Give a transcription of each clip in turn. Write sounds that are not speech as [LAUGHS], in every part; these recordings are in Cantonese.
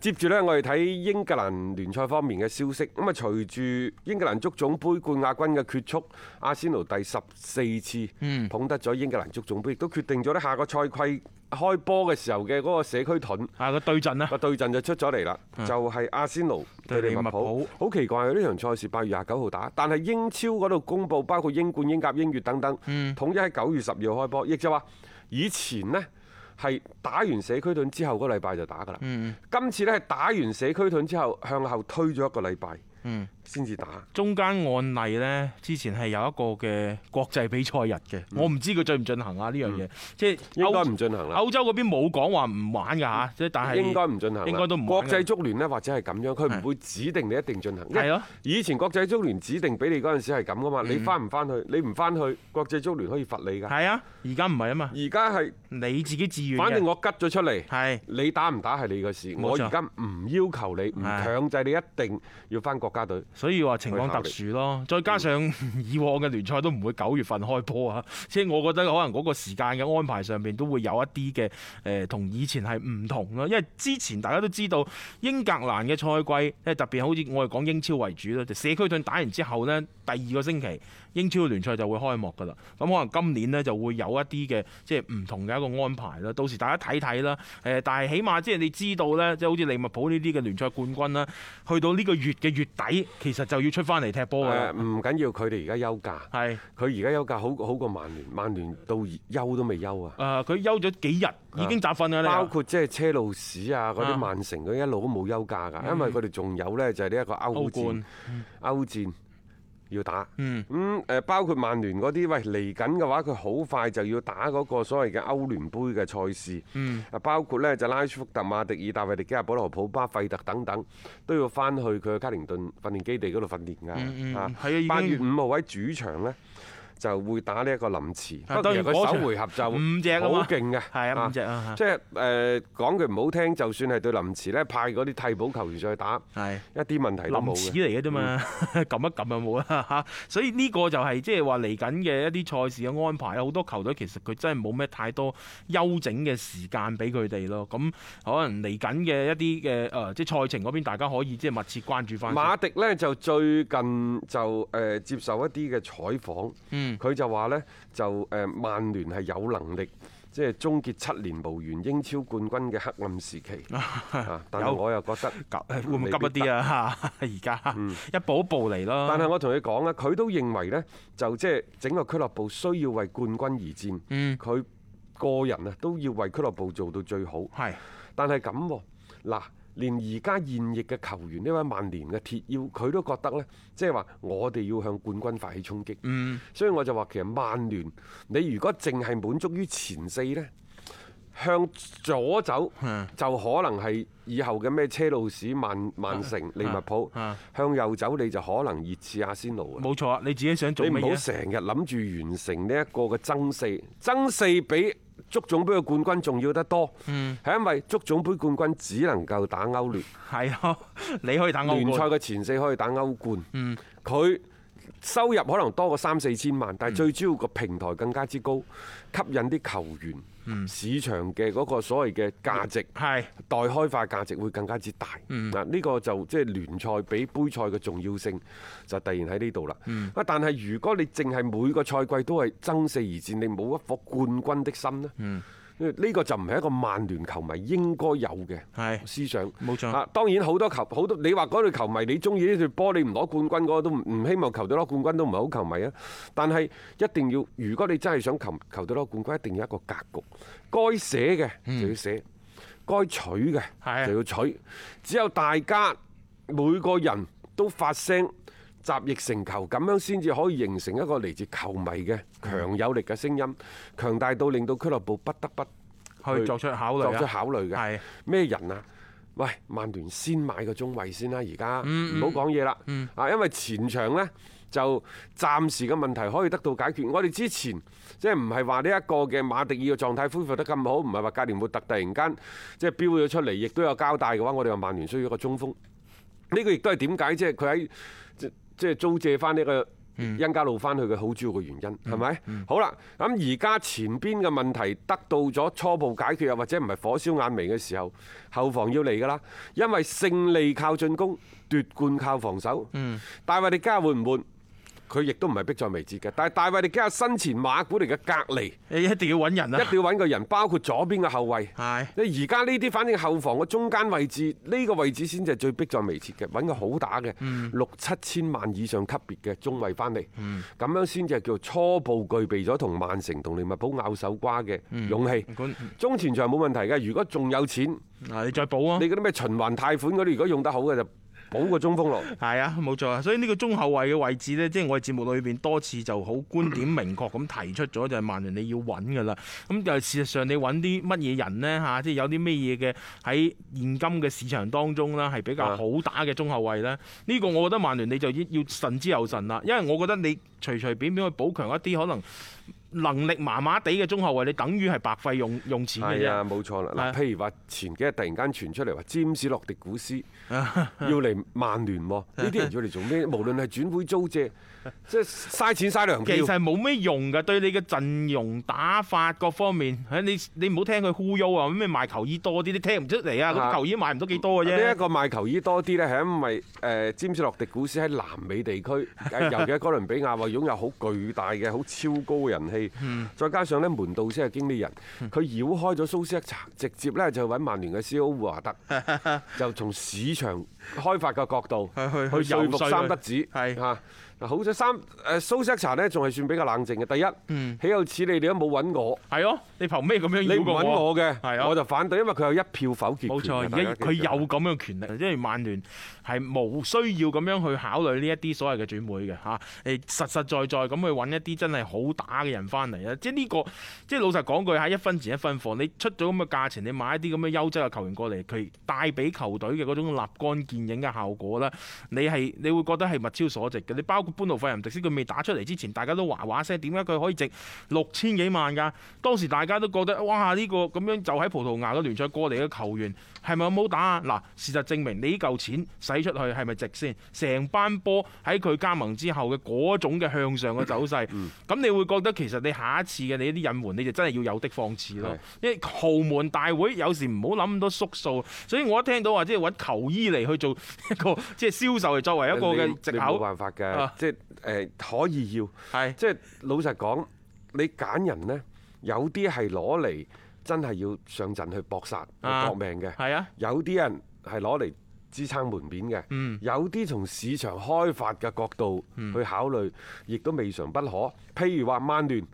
接住呢，我哋睇英格蘭聯賽方面嘅消息。咁啊，隨住英格蘭足總杯冠亞軍嘅決束，阿仙奴第十四次捧得咗英格蘭足總杯，亦都決定咗呢下個賽季開波嘅時候嘅嗰個社區盾。下個對陣啦。個對陣就出咗嚟啦，就係、是、阿仙奴對利物浦。好奇怪，呢場賽事八月廿九號打，但係英超嗰度公佈，包括英冠、英甲、英乙等等，統一喺九月十二號開波，亦就話以前呢。係打完社區盾之後嗰個禮拜就打㗎喇。今次呢，係打完社區盾之後向後推咗一個禮拜。嗯，先至打。中間案例咧，之前係有一個嘅國際比賽日嘅，我唔知佢進唔進行啊呢樣嘢，即係應該唔進行啦。歐洲嗰邊冇講話唔玩㗎嚇，即係但係應該唔進行，應該都唔國際足聯咧，或者係咁樣，佢唔會指定你一定進行。係啊，以前國際足聯指定俾你嗰陣時係咁㗎嘛，你翻唔翻去？你唔翻去，國際足聯可以罰你㗎。係啊，而家唔係啊嘛。而家係你自己自願。反正我刉咗出嚟，係你打唔打係你嘅事，我而家唔要求你，唔強制你一定要翻國。國家隊，所以話情況特殊咯，力再加上慮 [LAUGHS] 以往嘅聯賽都唔會九月份開波啊，即係我覺得可能嗰個時間嘅安排上面都會有一啲嘅誒，同、呃、以前係唔同咯。因為之前大家都知道英格蘭嘅賽季，即係特別好似我哋講英超為主啦，就是、社區盾打完之後呢，第二個星期英超聯賽就會開幕噶啦。咁可能今年呢就會有一啲嘅即係唔同嘅一個安排啦。到時大家睇睇啦，誒，但係起碼即係你知道呢，即、就、係、是、好似利物浦呢啲嘅聯賽冠軍啦，去到呢個月嘅月。底其實就要出翻嚟踢波嘅，唔緊要佢哋而家休假。係佢而家休假好好過曼聯，曼聯到休都未休啊。誒，佢休咗幾日已經集訓啦。包括即係車路士啊，嗰啲曼城佢一路都冇休假㗎，因為佢哋仲有咧就係呢一個歐冠歐冠、歐戰要打，咁誒包括曼聯嗰啲，喂嚟緊嘅話，佢好快就要打嗰個所謂嘅歐聯杯嘅賽事，啊、嗯、包括呢就拉舒福特、馬迪爾、大衛迪基亞、阿保羅普巴、費特等等，都要翻去佢嘅卡靈頓訓練基地嗰度訓練㗎，嚇、嗯，八、嗯、月五號喺主場呢，就會打呢一個林慈，當然佢首回合就五隻，好勁啊五隻啊，即係誒講句唔好聽，就算係對林慈咧派嗰啲替補球員再打，係是一啲問題都冇嘅。林慈嚟嘅啫嘛，撳、嗯、 [LAUGHS] 一撳又冇啦嚇， [LAUGHS] 所以呢個就係即係話嚟緊嘅一啲賽事嘅安排啊，好多球隊其實佢真係冇咩太多休整嘅時間俾佢哋咯。咁可能嚟緊嘅一啲嘅誒，即係賽程嗰邊大家可以即係密切關注翻。馬迪呢，就最近就誒接受一啲嘅採訪。嗯佢就話呢，就誒，曼聯係有能力，即係終結七年無緣英超冠軍嘅黑暗時期。嚇，但係我又覺得急，會唔會急一啲啊？而家一步一步嚟咯、嗯。但係我同你講咧，佢都認為呢，就即係整個俱樂部需要為冠軍而戰。佢、嗯、個人啊都要為俱樂部做到最好。係，但係咁嗱。連而家現役嘅球員呢位曼聯嘅鐵腰，佢都覺得呢，即係話我哋要向冠軍發起衝擊。嗯，所以我就話其實曼聯，你如果淨係滿足於前四呢，向左走、嗯、就可能係以後嘅咩車路士、曼曼城、利物浦，啊啊、向右走你就可能熱刺、阿仙奴。冇錯啊，你自己想做咩？你唔好成日諗住完成呢一個嘅爭四，爭四比。足總杯嘅冠軍重要得多，係因為足總杯冠軍只能夠打歐聯，係咯，你可以打歐聯賽嘅前四可以打歐冠，佢冠收入可能多過三四千萬，但係最主要個平台更加之高，吸引啲球員。市場嘅嗰個所謂嘅價值，係待、嗯、開發價值會更加之大、嗯。嗱，呢個就即聯賽比杯賽嘅重要性就突然喺呢度啦。但係如果你淨係每個賽季都係爭四而戰，你冇一顆冠軍的心咧。嗯。呢個就唔係一個曼聯球迷應該有嘅思想。冇錯。嚇，當然好多球，好多你話嗰隊球迷，你中意呢隊波，你唔攞冠軍嗰個都唔希望球隊攞冠軍，都唔係好球迷啊。但係一定要，如果你真係想球球隊攞冠軍，一定要有一個格局，該寫嘅就要寫，該取嘅就要取。只有大家每個人都發聲。集腋成裘，咁樣先至可以形成一個嚟自球迷嘅強有力嘅聲音，強、嗯、大到令到俱樂部不得不去作出考慮。作出考慮嘅咩人啊？喂，曼聯先買個中衛先啦，而家唔好講嘢啦。啊、嗯，嗯、因為前場呢就暫時嘅問題可以得到解決。我哋之前即係唔係話呢一個嘅馬迪爾嘅狀態恢復得咁好，唔係話格連活特突然間即係飆咗出嚟，亦都有交代嘅話，我哋話曼聯需要一個中鋒。呢、這個亦都係點解即係佢喺？即係租借翻呢個恩加路翻去嘅好主要嘅原因係咪、嗯？好啦，咁而家前邊嘅問題得到咗初步解決，又或者唔係火燒眼眉嘅時候，後防要嚟㗎啦。因為勝利靠進攻，奪冠靠防守。大衛迪基亞換唔換？佢亦都唔係迫在眉睫嘅，但係大衛，你睇下身前馬股嚟嘅隔離，誒一定要揾人啦、啊，一定要揾個人，包括左邊嘅後衞。係你而家呢啲，反正後防嘅中間位置，呢、呢個位置先至係最迫在眉睫嘅，揾個好打嘅，六七千萬以上級別嘅中衞翻嚟，咁、嗯、樣先至係叫初步具備咗同曼城同利物浦拗手瓜嘅勇氣。嗯、中前場冇問題嘅，如果仲有錢，你再補啊！你嗰啲咩循環貸款嗰啲，如果用得好嘅就。冇個中鋒咯，係啊，冇錯啊，所以呢個中後衞嘅位置呢，即係我哋節目裏邊多次就好觀點明確咁提出咗，就係曼聯你要揾噶啦。咁但係事實上你揾啲乜嘢人呢？嚇、啊，即係有啲咩嘢嘅喺現今嘅市場當中呢，係比較好打嘅中後衞呢？呢是的 個我覺得曼聯你就要慎之又慎啦，因為我覺得你隨隨便便去補強一啲可能。能力麻麻地嘅中後衞，你等於係白費用用錢嘅，係啊，冇錯啦。嗱的，譬如話前幾日突然間傳出嚟話，詹士、洛迪古斯要嚟曼聯喎，呢啲 [LAUGHS] 人要嚟做咩？無論係轉會租借，即係嘥錢嘥糧票。其實冇咩用噶，對你嘅陣容打法各方面，你你唔好聽佢忽悠啊，咩賣球衣多啲，你聽唔出嚟啊？球衣賣唔到幾多嘅啫。呢、這、一個賣球衣多啲咧，係因為誒、呃、詹士、洛迪古斯喺南美地區，尤其喺哥倫比亞，話擁有好巨大嘅好超高嘅人氣。再加上呢門道先係經理人，佢繞開咗蘇斯克查，直接呢就揾曼聯嘅胡華德，就從市場。開發嘅角度的去去説服三不止。係嚇嗱，好在三誒蘇斯查咧仲係算比較冷靜嘅。第一，嗯，豈有此理你哋都冇揾我係咯，你憑咩咁樣要我？你揾我嘅，係啊的，我就反對，因為佢有一票否決權，冇錯，而家佢有咁樣嘅權力，即係曼聯係冇需要咁樣去考慮呢一啲所謂嘅轉會嘅嚇，係、嗯、實實在在咁去揾一啲真係好打嘅人翻嚟啊！即係呢個，即、就、係、是、老實講句，係一分錢一分貨，你出咗咁嘅價錢，你買一啲咁嘅優質嘅球員過嚟，佢帶俾球隊嘅嗰種立竿見電影嘅效果啦，你係你會覺得係物超所值嘅。你包括班奴費仁迪斯佢未打出嚟之前，大家都話話聲，點解佢可以值六千幾萬㗎？當時大家都覺得哇，呢個咁樣就喺葡萄牙嘅聯賽過嚟嘅球員係咪好打啊？嗱，事實證明你嚿錢使出去係咪值先？成班波喺佢加盟之後嘅嗰種嘅向上嘅走勢，咁、 [LAUGHS] 嗯、你會覺得其實你下一次嘅你啲引援你就真係要有的放矢咯。的因為豪門大會有時唔好諗咁多縮數，所以我一聽到話即係揾球衣嚟去。做一個即係銷售，作為一個嘅藉口，你冇辦法嘅，即係誒可以要，即係是、就是、老實講，你揀人呢，有啲係攞嚟真係要上陣去搏殺、去搏命嘅，係啊，啊有啲人係攞嚟支撐門面嘅，有啲從市場開發嘅角度去考慮，亦都未嘗不可。譬如話曼聯，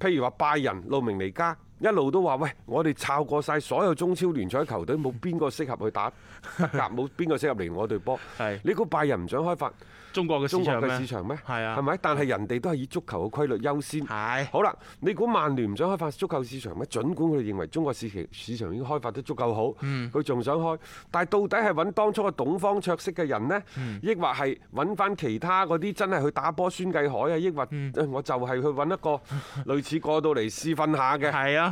譬如話拜仁、路明尼加。一路都話喂，我哋炒過晒所有中超聯賽球隊，冇邊個適合去打格，冇邊個適合嚟我隊波。係你估拜仁唔想開發中國嘅市場咩？係啊，係咪？但係人哋都係以足球嘅規律優先。係好啦，你估曼聯唔想開發足球市場咩？儘管佢哋認為中國市場市場已經開發得足夠好，佢仲想開。但係到底係揾當初嘅董方卓式嘅人呢？抑或係揾翻其他嗰啲真係去打波？孫繼海啊，抑或我就係去揾一個類似過到嚟試訓下嘅？係啊。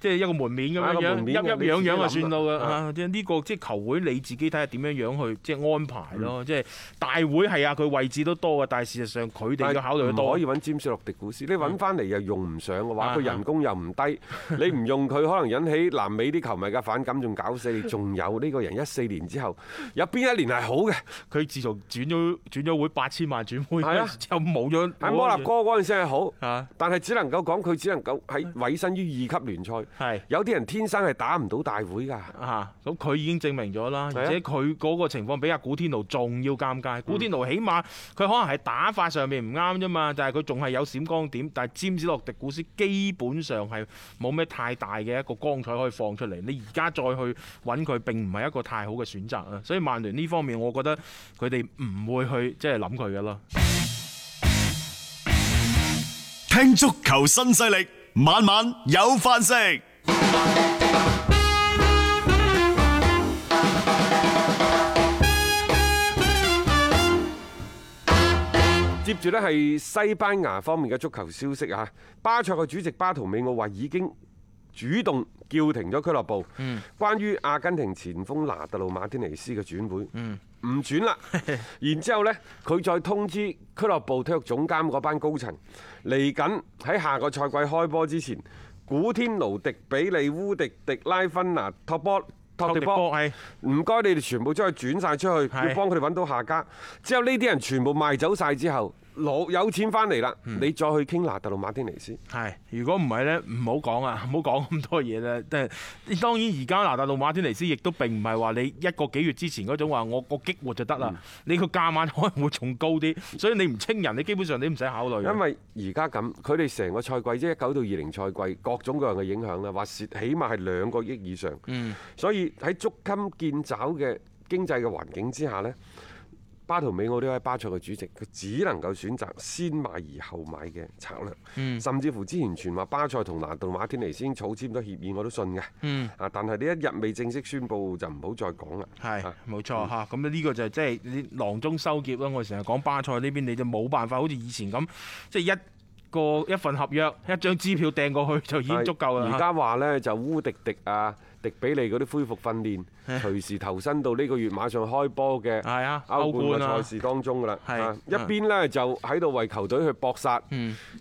即係一個門面咁樣樣，一一樣樣就算到啦。啊，即係呢個即係球會，你自己睇下點樣樣去即係安排咯。即係大會係啊，佢位置都多嘅，但係事實上佢哋嘅考慮多。唔可以揾詹士洛迪古斯，你揾翻嚟又用唔上嘅話，佢人工又唔低，你唔用佢可能引起南美啲球迷嘅反感，仲搞死你。仲有呢個人一四年之後有邊一年係好嘅？佢自從轉咗轉咗會八千萬轉會，就冇咗喺摩納哥嗰陣時係好，但係只能夠講佢只能夠喺委身於二級聯賽。係，是有啲人天生係打唔到大會噶，啊，咁佢已經證明咗啦，的而且佢嗰個情況比阿古天奴仲要尷尬，嗯、古天奴起碼佢可能係打法上面唔啱啫嘛，但係佢仲係有閃光點，但係詹士洛迪古斯基本上係冇咩太大嘅一個光彩可以放出嚟，你而家再去揾佢，並唔係一個太好嘅選擇啊，所以曼聯呢方面，我覺得佢哋唔會去即係諗佢噶咯。就是、聽足球新勢力。晚晚有飯食。接住呢係西班牙方面嘅足球消息啊！巴塞嘅主席巴圖美奧話已經。主動叫停咗俱樂部、嗯、關於阿根廷前鋒拿特魯馬天尼斯嘅轉會，唔、嗯、轉啦。 [LAUGHS] 然之後呢，佢再通知俱樂部體育總監嗰班高層，嚟緊喺下個賽季開波之前，古天奴、迪比利、烏迪迪、迪拉芬拿、託波、託迪波，唔該，你哋全部將佢轉晒出去，要幫佢哋揾到下家。之後呢啲人全部賣走晒之後。攞有錢翻嚟啦，嗯、你再去傾拿達魯馬天尼斯。係，如果唔係呢，唔好講啊，唔好講咁多嘢啦。即係當然，而家拿達魯馬天尼斯亦都並唔係話你一個幾月之前嗰種話我個激活就得啦，嗯、你個價碼可能會仲高啲，所以你唔清人，你基本上你唔使考慮。因為而家咁，佢哋成個賽季即係九到二零賽季各種各樣嘅影響呢，話蝕起碼係兩個億以上。嗯，所以喺捉襟見肘嘅經濟嘅環境之下呢。巴圖美奧呢位巴塞嘅主席，佢只能夠選擇先賣而後買嘅策略，嗯、甚至乎之前傳話巴塞同拿度馬天尼先草簽咗協議，我都信嘅。啊、嗯，但係呢一日未正式宣佈就唔好再講啦。係，冇錯嚇。咁呢、嗯、個就即、是、係、就是、你囊中羞澀啦。我成日講巴塞呢邊，你就冇辦法好似以前咁即係一。個一份合約、一張支票掟過去就已經足夠啦。而家話呢，就烏迪迪啊、迪比利嗰啲恢復訓練，隨時投身到呢個月馬上開波嘅歐冠嘅賽事當中噶啦。一邊呢，邊就喺度為球隊去搏殺，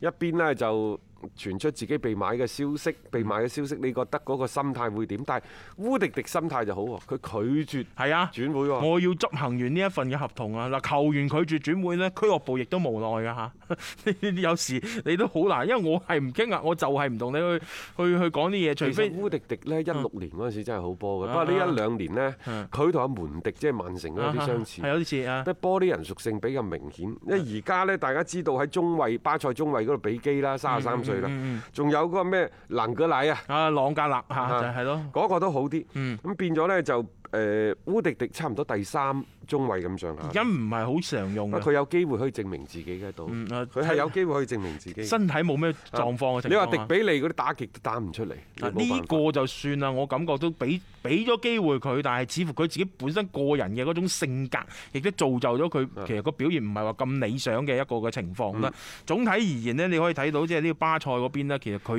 一邊呢，就。傳出自己被買嘅消息，被買嘅消息，你覺得嗰個心態會點？但係烏迪迪心態就好，佢拒絕轉會喎。我要執行完呢一份嘅合同啊！嗱，球員拒絕轉會呢，俱樂部亦都無奈㗎吓。有時你都好難，因為我係唔驚啊，我就係唔同你去去去講啲嘢。除非烏迪迪呢，一六年嗰陣時真係好波嘅，不過呢一兩年呢，佢同阿門迪即係曼城都有啲相似，係有啲似啊，玻璃人屬性比較明顯。因為而家呢，大家知道喺中衞巴塞中衞嗰度比基啦，三十三歲。嗯，仲有嗰個咩藍格奶啊，啊朗格納嚇就係是咯，嗰個都好啲。嗯，咁變咗咧就誒烏迪迪差唔多第三，中位咁上下，而家唔係好常用。佢有機會可以證明自己喺度，佢係有機會可以證明自己。自己身體冇咩狀況嘅情況。你話迪比利嗰啲打極都打唔出嚟，呢個就算啦。我感覺都俾俾咗機會佢，但係似乎佢自己本身個人嘅嗰種性格，亦都造就咗佢。其實個表現唔係話咁理想嘅一個嘅情況啦。總體而言呢，你可以睇到即係呢個巴塞嗰邊呢，其實佢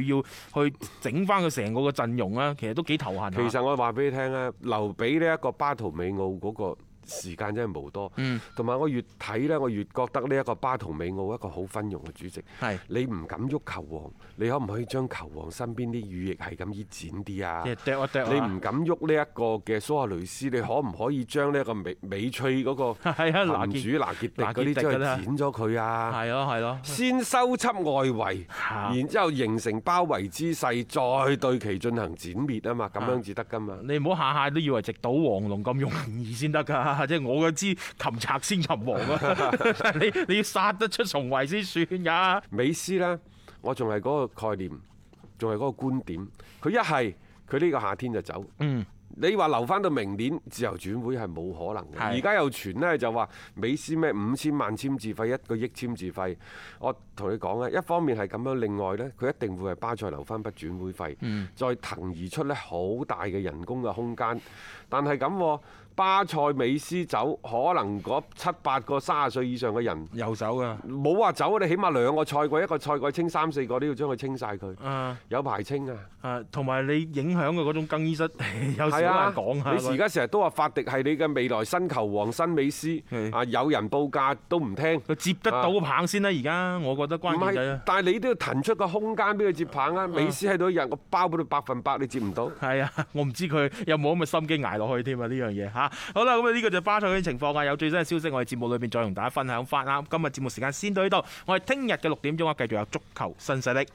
要去整翻佢成個嘅陣容啊，其實都幾頭痕。其實我話俾你聽呢，留俾呢一個巴圖美奧嗰個。 [MUSIC] 時間真係冇多，同埋我越睇呢，我越覺得呢一個巴圖美奧一個好昏庸嘅主席。的你唔敢喐球王，你可唔可以將球王身邊啲羽翼係咁依剪啲啊？你唔敢喐呢一個嘅蘇亞雷斯，你可唔可以將呢個美美翠嗰個男主拿傑迪嗰啲將佢剪咗佢啊？係咯，係咯，先收葺外圍，然之後形成包圍姿勢，再對其進行剪滅啊嘛，咁樣至得噶嘛。的的你唔好下下都以為直搗黃龍咁容易先得㗎。 [LAUGHS] 即係我嘅知擒賊先擒王啊！ [LAUGHS] 你你要殺得出重圍先算噶。美斯呢，我仲係嗰個概念，仲係嗰個觀點。佢一係佢呢個夏天就走。嗯，你話留翻到明年自由轉會係冇可能嘅。而家又傳呢，就話美斯咩五千萬簽字費，一個億簽字費。我同你講咧，一方面係咁樣，另外呢，佢一定會係巴塞留翻筆轉會費，嗯、再騰而出呢好大嘅人工嘅空間。但係咁。巴塞美斯走，可能嗰七八個三十歲以上嘅人又走㗎。冇話走，你起碼兩個賽季，一個賽季清三四個都要將佢清曬佢。有排清啊！誒，同埋你影響嘅嗰種更衣室有少少講。你而家成日都話法迪係你嘅未來新球王、新美斯，啊，有人報價都唔聽。佢接得到個棒先啦，而家我覺得關鍵。但係你都要騰出個空間俾佢接棒啊！美斯喺度一日，個包俾到百分百，你接唔到。係啊，我唔知佢有冇咁嘅心機捱落去添啊！呢樣嘢嚇。好啦，咁啊呢個就係巴塞嘅情況啊，有最新嘅消息，我哋節目裏面再同大家分享翻啦。今日節目時間先到呢度，我哋聽日嘅六點鐘，啊，繼續有足球新勢力。